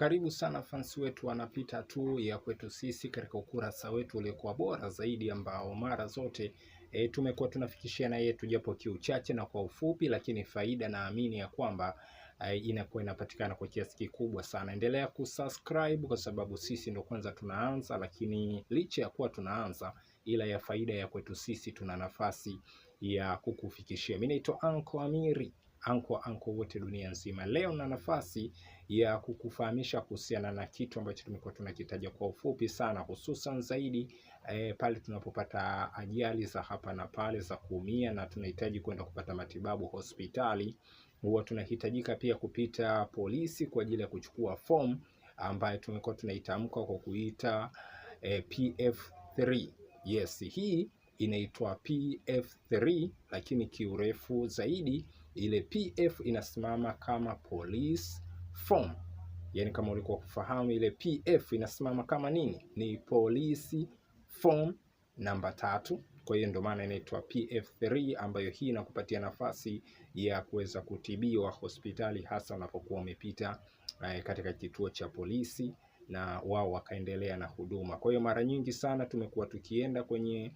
Karibu sana fansi wetu wanapita tu ya kwetu sisi katika ukurasa wetu uliokuwa bora zaidi, ambao mara zote e, tumekuwa tunafikishia na yetu japo kiuchache na kwa ufupi, lakini faida naamini ya kwamba e, inakuwa inapatikana kwa kiasi kikubwa sana. Endelea kusubscribe kwa sababu sisi ndo kwanza tunaanza, lakini licha ya kuwa tunaanza, ila ya faida ya kwetu sisi tuna nafasi ya kukufikishia. Mimi naitwa Anko Amiri anko anko wote dunia nzima. Leo na nafasi ya kukufahamisha kuhusiana na kitu ambacho tumekuwa tunakitaja kwa ufupi sana, hususan zaidi e, pale tunapopata ajali za hapa na pale za kuumia na tunahitaji kwenda kupata matibabu hospitali, huwa tunahitajika pia kupita polisi kwa ajili ya kuchukua fomu ambayo tumekuwa tunaitamka kwa kuita eh, e, PF3. Yes, hii inaitwa PF3, lakini kiurefu zaidi ile PF inasimama kama police form. Yani kama ulikuwa kufahamu ile PF inasimama kama nini, ni police form namba tatu. Kwa hiyo ndio maana inaitwa PF3, ambayo hii inakupatia nafasi ya kuweza kutibiwa hospitali, hasa unapokuwa umepita eh, katika kituo cha polisi na wao wakaendelea na huduma. Kwa hiyo mara nyingi sana tumekuwa tukienda kwenye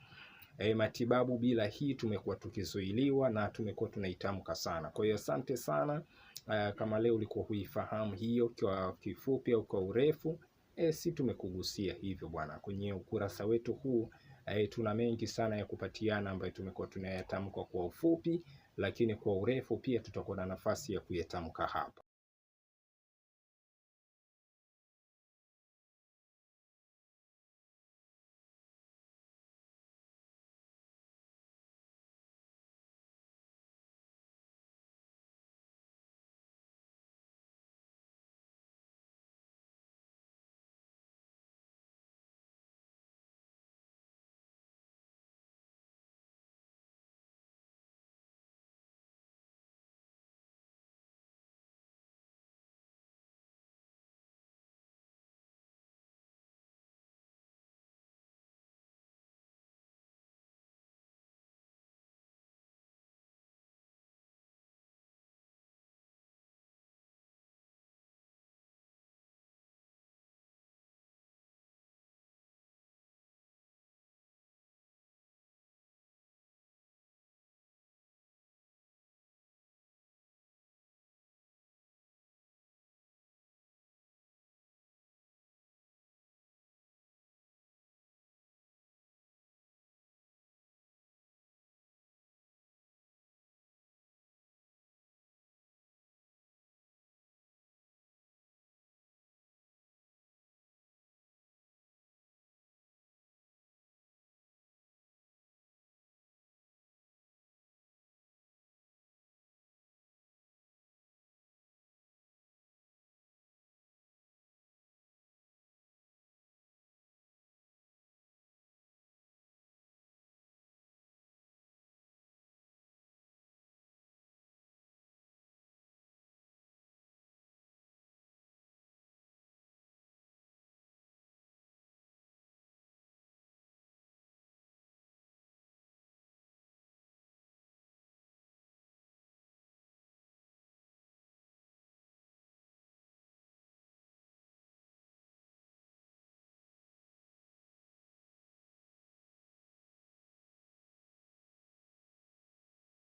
e, matibabu bila hii tumekuwa tukizuiliwa na tumekuwa tunaitamka sana. Kwa hiyo asante sana uh, kama leo ulikuwa huifahamu hiyo kwa kifupi au kwa urefu e, si tumekugusia hivyo bwana. Kwenye ukurasa wetu huu e, tuna mengi sana ya kupatiana ambayo tumekuwa tunayatamka kwa ufupi, lakini kwa urefu pia tutakuwa na nafasi ya kuyatamka hapa.